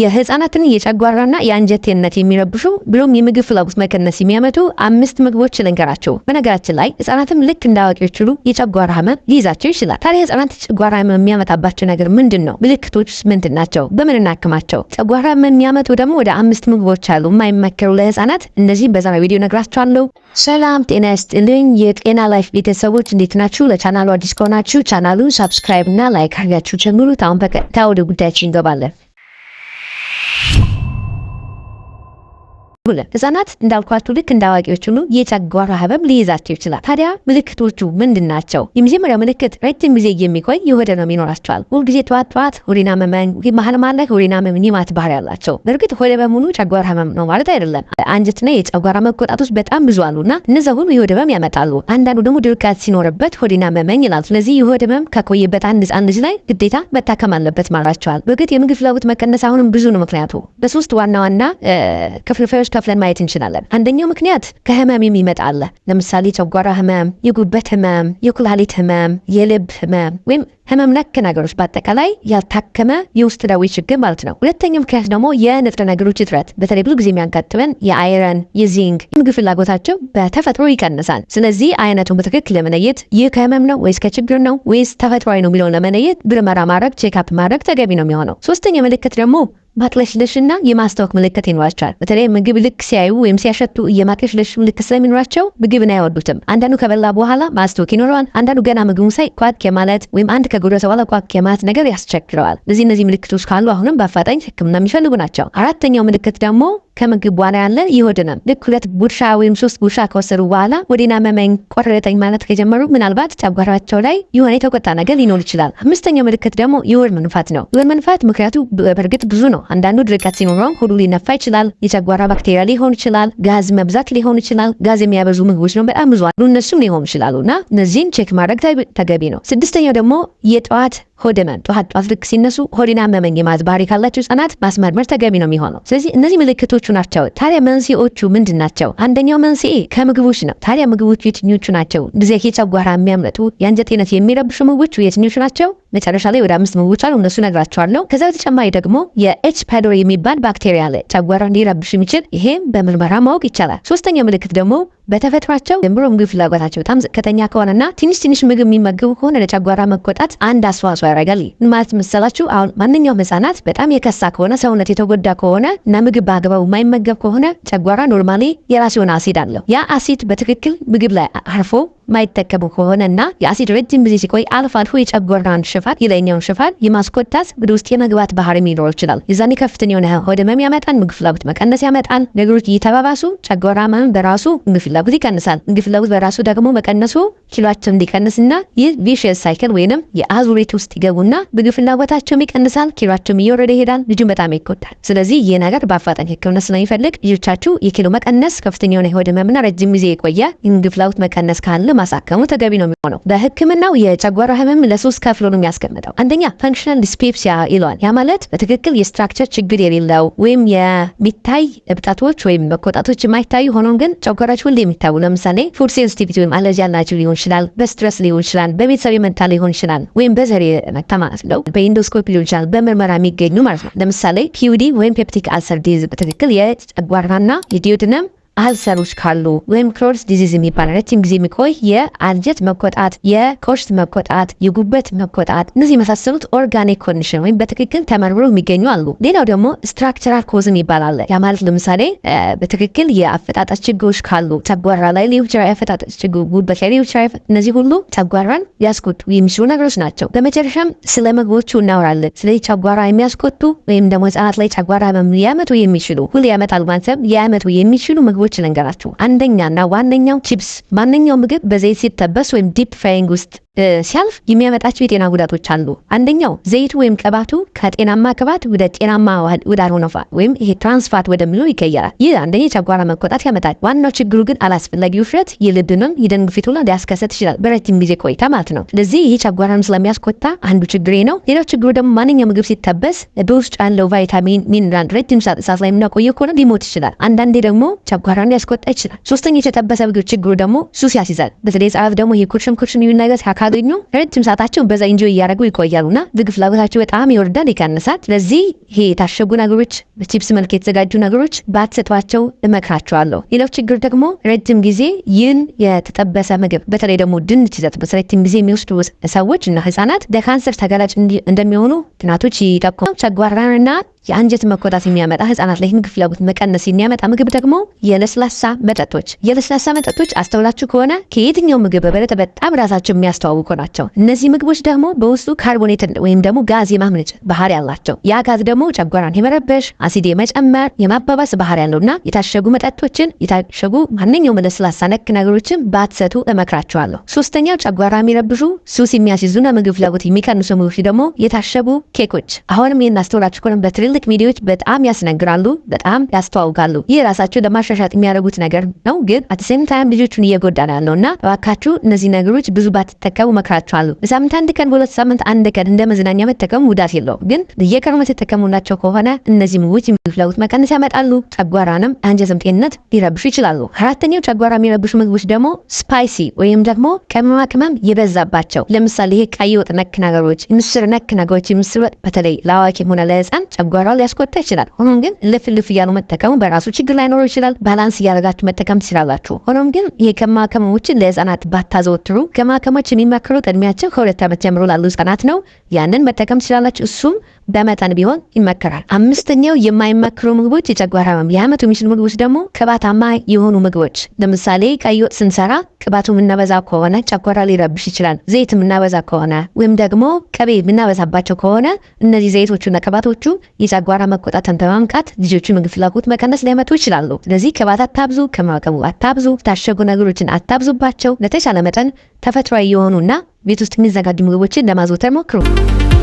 የህፃናትን የጨጓራና የአንጀት ጤንነት የሚረብሹ ብሎም የምግብ ፍላጎት መቀነስ የሚያመጡ አምስት ምግቦች ልንገራቸው። በነገራችን ላይ ህፃናትም ልክ እንደ አዋቂዎች ሁሉ የጨጓራ ህመም ሊይዛቸው ይችላል። ታዲያ ህፃናት ጨጓራ ህመም የሚያመጣባቸው ነገር ምንድን ነው? ምልክቶችስ ምንድን ናቸው? በምን እናክማቸው? ጨጓራ ህመም የሚያመጡ ደግሞ ወደ አምስት ምግቦች አሉ የማይመከሩ ለህፃናት። እነዚህም በዛሬ ቪዲዮ ነግራቸዋለሁ። ሰላም ጤና ይስጥልኝ የጤና ላይፍ ቤተሰቦች እንዴት ናችሁ? ለቻናሉ አዲስ ከሆናችሁ ቻናሉን ሳብስክራይብ እና ላይክ አርጋችሁ ጀምሩት። አሁን ወደ ጉዳያችን እንገባለን። ህጻናት እንዳልኳችሁ ልክ እንዳዋቂዎች ሁሉ የጨጓራ ህመም ሊይዛቸው ይችላል። ታዲያ ምልክቶቹ ምንድን ናቸው? የመጀመሪያው ምልክት ረጅም ጊዜ የሚቆይ የሆድ ህመም ይኖራቸዋል። ሁልጊዜ ጠዋት ጠዋት ሆዴና መመን መሀል መሀል ላይ ሆዴና መመን ይማት ባህሪ ያላቸው። በእርግጥ ሆድ በሙሉ ጨጓራ ህመም ነው ማለት አይደለም። አንጀትና የጨጓራ መቆጣቶች በጣም ብዙ አሉና እነዚ ሁሉ የሆድ ህመም ያመጣሉ። አንዳንዱ ደግሞ ድርቀት ሲኖርበት ሆዴና መመን ይላል። ስለዚህ የሆድ ህመም ከቆየበት አንድ ህጻን ልጅ ላይ ግዴታ መታከም አለበት ማለቸዋል። በእርግጥ የምግብ ፍላጎት መቀነስ አሁንም ብዙ ነው ምክንያቱ በሶስት ዋና ዋና ክፍልፋዮች ከፍለን ማየት እንችላለን። አንደኛው ምክንያት ከህመም የሚመጣ አለ። ለምሳሌ ጨጓራ ህመም፣ የጉበት ህመም፣ የኩላሊት ህመም፣ የልብ ህመም ወይም ህመም ነክ ነገሮች በአጠቃላይ ያልታከመ የውስጥ ደዌ ችግር ማለት ነው። ሁለተኛው ምክንያት ደግሞ የንጥረ ነገሮች እጥረት፣ በተለይ ብዙ ጊዜ የሚያጋጥመን የአይረን፣ የዚንግ ምግብ ፍላጎታቸው በተፈጥሮ ይቀንሳል። ስለዚህ አይነቱን በትክክል ለመለየት ይህ ከህመም ነው ወይስ ከችግር ነው ወይስ ተፈጥሯዊ ነው የሚለውን ለመለየት ምርመራ ማድረግ ቼክአፕ ማድረግ ተገቢ ነው የሚሆነው። ሶስተኛ ምልክት ደግሞ ማቅለሽለሽና የማስታወክ ምልክት ይኖራቸዋል። በተለይ ምግብ ልክ ሲያዩ ወይም ሲያሸቱ የማቅለሽለሽ ምልክት ስለሚኖራቸው ምግብን አይወዱትም። አንዳንዱ ከበላ በኋላ ማስታወክ ይኖረዋል። አንዳንዱ ገና ምግቡን ሳይ ኳክ የማለት ወይም አንድ ከጎረሰ በኋላ ኳክ የማለት ነገር ያስቸግረዋል። እዚህ እነዚህ ምልክቶች ካሉ አሁንም በአፋጣኝ ሕክምና የሚፈልጉ ናቸው። አራተኛው ምልክት ደግሞ ከምግብ በኋላ ያለ ይሆድናል። ልክ ሁለት ጉርሻ ወይም ሶስት ጉርሻ ከወሰዱ በኋላ ወዲና መመኝ ቆረጠኝ ማለት ከጀመሩ ምናልባት ጨጓራቸው ላይ የሆነ የተቆጣ ነገር ሊኖር ይችላል። አምስተኛው ምልክት ደግሞ የሆድ መንፋት ነው። የሆድ መንፋት ምክንያቱ በእርግጥ ብዙ ነው። አንዳንዱ ድርቀት ሲኖረው ሆዱ ሊነፋ ይችላል። የጨጓራ ባክቴሪያ ሊሆን ይችላል። ጋዝ መብዛት ሊሆን ይችላል። ጋዝ የሚያበዙ ምግቦች ነው በጣም ብዙ አሉ። እነሱም ሊሆን ይችላሉ እና እነዚህን ቼክ ማድረግ ተገቢ ነው። ስድስተኛው ደግሞ የጠዋት ሆድ ህመም ጠዋት ጠዋት ልክ ሲነሱ ሆዲና አመመኝ የማለት ባህሪ ካላቸው ህጻናት ማስመርመር ተገቢ ነው የሚሆነው። ስለዚህ እነዚህ ምልክቶች መንስኤዎቹ ናቸው። ታዲያ መንስኤዎቹ ምንድን ናቸው? አንደኛው መንስኤ ከምግቦች ነው። ታዲያ ምግቦቹ የትኞቹ ናቸው? እንደዚህ የጨጓራ የሚያምለጡ የአንጀት አይነት የሚረብሹ ምግቦቹ የትኞቹ ናቸው? መጨረሻ ላይ ወደ አምስት ምግቦች አሉ፣ እነሱ ነግራቸዋለሁ። ከዛ በተጨማሪ ደግሞ የኤች ፓይሎሪ የሚባል ባክቴሪያ አለ ጨጓራ እንዲረብሽ የሚችል ይሄም በምርመራ ማወቅ ይቻላል። ሶስተኛው ምልክት ደግሞ በተፈጥሯቸው ጀምሮ ምግብ ፍላጎታቸው በጣም ዝቅተኛ ከሆነና ትንሽ ትንሽ ምግብ የሚመግቡ ከሆነ ለጨጓራ መቆጣት አንድ አስተዋጽኦ ያደርጋል። ማለት መሰላችሁ አሁን ማንኛውም ህጻናት በጣም የከሳ ከሆነ ሰውነት የተጎዳ ከሆነ እና ምግብ በአግባቡ የማይመገብ ከሆነ ጨጓራ ኖርማሊ የራሱ የሆነ አሲድ አለው። ያ አሲድ በትክክል ምግብ ላይ አርፎ ማይጠቀሙ ከሆነና የአሲድ ረጅም ጊዜ ሲቆይ አልፋን አልፎ የጨጓራን ሽፋን የላይኛውን ሽፋን የማስኮዳት ወደ ውስጥ የመግባት ባህሪ ሊኖር ይችላል። የዛኔ ከፍተኛ የሆነ ሆድ ህመም ያመጣን፣ ምግብ ፍላጎት መቀነስ ያመጣን። ነገሮች እየተባባሱ ጨጓራ ህመም በራሱ ምግብ ፍላጎት ይቀንሳል። ምግብ ፍላጎት በራሱ ደግሞ መቀነሱ ኪሏቸውን እንዲቀንስና ይህ ቪሽየስ ሳይክል ወይንም የአዙሪት ውስጥ ይገቡና ምግብ ፍላጎታቸውም ይቀንሳል፣ ኪሏቸውም እየወረደ ይሄዳል። ልጁን በጣም ይጎዳል። ስለዚህ ይህ ነገር በአፋጣኝ ህክምና ስለሚፈልግ ልጆቻችሁ የኪሎ መቀነስ፣ ከፍተኛ የሆነ ሆድ ህመምና ረጅም ጊዜ የቆየ ምግብ ፍላጎት መቀነስ ካለ ማሳከሙ ተገቢ ነው የሚሆነው። በህክምናው የጨጓራ ህመም ለሶስት ከፍሎ ነው የሚያስቀምጠው። አንደኛ ፈንክሽናል ዲስፔፕሲያ ይለዋል። ያ ማለት በትክክል የስትራክቸር ችግር የሌለው ወይም የሚታይ እብጠቶች ወይም መቆጣቶች የማይታዩ ሆኖም ግን ጨጓራች ሁሌ የሚታዩ ለምሳሌ ፉድ ሴንስቲቪቲ ወይም አለርጂ ያላቸው ሊሆን ይችላል። በስትረስ ሊሆን ይችላል። በቤተሰብ የመታ ሊሆን ይችላል። ወይም በዘሬ መታ ማለት ነው። በኢንዶስኮፒ ሊሆን ይችላል። በምርመራ የሚገኙ ማለት ነው። ለምሳሌ ፒዩዲ ወይም ፔፕቲክ አልሰር ዲዝ በትክክል የጨጓራና የዲዮድነም አልሰሮች ካሉ ወይም ክሮንስ ዲዚዝ የሚባል ረጅም ጊዜ የሚቆይ የአንጀት መቆጣት፣ የኮሽት መቆጣት፣ የጉበት መቆጣት እነዚህ የመሳሰሉት ኦርጋኒክ ኮንዲሽን ወይም በትክክል ተመርምሮ የሚገኙ አሉ። ሌላው ደግሞ ስትራክቸራል ኮዝም ይባላል። ያ ማለት ለምሳሌ በትክክል የአፈጣጣት ችግሮች ካሉ ተጓራ ላይ ሊሆን ይችላል፣ የአፈጣጣት ችግር ጉበት ላይ ሊሆን ይችላል። እነዚህ ሁሉ ተጓራን ሊያስቆጡ የሚችሉ ነገሮች ናቸው። በመጨረሻም ስለ ምግቦቹ እናወራለን። ስለዚህ ተጓራ የሚያስቆጡ ወይም ደግሞ ህጻናት ላይ ተጓራ ሊያመጡ የሚችሉ ሁሌ ያመጣሉ ማለትም ሊያመጡ የሚችሉ ምግቦች ምግቦች ልንገራችሁ። አንደኛና ዋነኛው ቺፕስ። ማንኛው ምግብ በዘይት ሲጠበስ ወይም ዲፕ ፍራይንግ ውስጥ ሲያልፍ የሚያመጣቸው የጤና ጉዳቶች አሉ። አንደኛው ዘይቱ ወይም ቅባቱ ከጤናማ ቅባት ወደ ጤናማ ወዳልሆነ ወይም ይሄ ትራንስፋት ወደምለው ይቀየራል። ይህ አንደኛ የጨጓራ መቆጣት ያመጣል። ዋናው ችግሩ ግን አላስፈላጊ ውፍረት የልብንም የደም ግፊቱን ሊያስከሰት ይችላል፣ በረጅም ጊዜ ቆይታ ማለት ነው። ስለዚህ ይህ ጨጓራም ስለሚያስቆጣ አንዱ ችግር ነው። ሌላው ችግሩ ደግሞ ማንኛው ምግብ ሲጠበስ በውስጡ ያለው ቫይታሚን፣ ሚኒራል ረጅም ሰዓት ላይ የምናቆየ ከሆነ ሊሞት ይችላል። አንዳንዴ ደግሞ ጨጓራን ሊያስቆጣ ይችላል። ሶስተኛ የተጠበሰ ምግብ ችግሩ ደግሞ ሱስ ያስይዛል። በተለይ ጸሐፍ ደግሞ ይህ ኩርሽም ኩርሽም የሚል ነገር ካገኙ ረጅም ሰዓታቸውን በዛ ኢንጆይ እያደረጉ ይቆያሉና ምግብ ፍላጎታቸው በጣም ይወርዳል፣ ይቀንሳል። ስለዚህ ይሄ የታሸጉ ነገሮች፣ በቺፕስ መልክ የተዘጋጁ ነገሮች ባትሰጧቸው እመክራቸዋለሁ። ሌላው ችግር ደግሞ ረጅም ጊዜ ይህን የተጠበሰ ምግብ በተለይ ደግሞ ድንች ይዘት ረጅም ጊዜ የሚወስዱ ሰዎች እና ህጻናት ለካንሰር ተጋላጭ እንደሚሆኑ ጥናቶች ይጠቁማል። ጨጓራና የአንጀት መኮዳት የሚያመጣ ህጻናት ላይ ይህን ፍላጎት መቀነስ የሚያመጣ ምግብ ደግሞ የለስላሳ መጠጦች። የለስላሳ መጠጦች አስተውላችሁ ከሆነ ከየትኛው ምግብ በበለጠ በጣም ራሳቸው የሚያስተዋውቁ ናቸው። እነዚህ ምግቦች ደግሞ በውስጡ ካርቦኔት ወይም ደግሞ ጋዝ የማምነጭ ባህሪ አላቸው። ያ ጋዝ ደግሞ ጨጓራን የመረበሽ አሲድ የመጨመር የማባባስ ባህሪ ያለውና የታሸጉ መጠጦችን የታሸጉ ማንኛውም ለስላሳ ነክ ነገሮችን ባትሰቱ እመክራችኋለሁ። ሶስተኛው ጨጓራ የሚረብሹ ሱስ የሚያስይዙና ምግብ ፍላጎት የሚቀንሱ ምግቦች ደግሞ የታሸጉ ኬኮች። አሁንም ይህን አስተውላችሁ ከሆነ በትሪል ትልልቅ ሚዲያዎች በጣም ያስነግራሉ፣ በጣም ያስተዋውቃሉ። ይህ ራሳቸው ለማሻሻጥ የሚያደርጉት ነገር ነው። ግን አትሴም ታይም ልጆቹን እየጎዳ ነው ያለው እና እባካችሁ እነዚህ ነገሮች ብዙ ባትጠቀሙ እመክራችኋለሁ። በሳምንት አንድ ቀን፣ በሁለት ሳምንት አንድ ቀን እንደ መዝናኛ መጠቀሙ ጉዳት የለው፣ ግን እየቀሩ የተጠቀሙናቸው ከሆነ እነዚህ ምግቦች የሚፍለጉት መቀነስ ያመጣሉ። ጨጓራንም አንጀትም ጤንነት ሊረብሹ ይችላሉ። አራተኛው ጨጓራ የሚረብሹ ምግቦች ደግሞ ስፓይሲ ወይም ደግሞ ቅመማ ቅመም የበዛባቸው ለምሳሌ ይሄ ቀይ ወጥ ነክ ነገሮች፣ ምስር ነክ ነገሮች ምስር ወጥ በተለይ ለአዋቂ ሆነ ለህፃን ጨጓራ ወራ ሊያስቆጣ ይችላል። ሆኖም ግን ልፍ ልፍ እያሉ መጠቀሙ በራሱ ችግር ላይኖረው ይችላል። ባላንስ እያደረጋችሁ መጠቀም ትችላላችሁ። ሆኖም ግን ይህ ከማከም ለህፃናት ባታዘወትሩ። ከማከሞች የሚመክሩት እድሜያቸው ከሁለት ዓመት ጀምሮ ላሉ ህጻናት ነው። ያንን መጠቀም ትችላላችሁ። እሱም በመጠን ቢሆን ይመከራል። አምስተኛው የማይመክሩ ምግቦች የጨጓራ ህመም ሊያመጡ የሚችሉ ምግቦች ደግሞ ቅባታማ የሆኑ ምግቦች፣ ለምሳሌ ቀይ ወጥ ስንሰራ ቅባቱ የምናበዛ ከሆነ ጨጓራ ሊረብሽ ይችላል። ዘይት የምናበዛ ከሆነ ወይም ደግሞ ቅቤ የምናበዛባቸው ከሆነ እነዚህ ዘይቶቹና ቅባቶቹ የጨጓራ መቆጣትን በማምቃት ልጆቹ ምግብ ፍላጎት መቀነስ ሊያመጡ ይችላሉ። ስለዚህ ቅባት አታብዙ፣ ከማቀቡ አታብዙ፣ ታሸጉ ነገሮችን አታብዙባቸው። ለተሻለ መጠን ተፈጥሯዊ የሆኑና ቤት ውስጥ የሚዘጋጁ ምግቦችን ለማዘውተር ሞክሩ።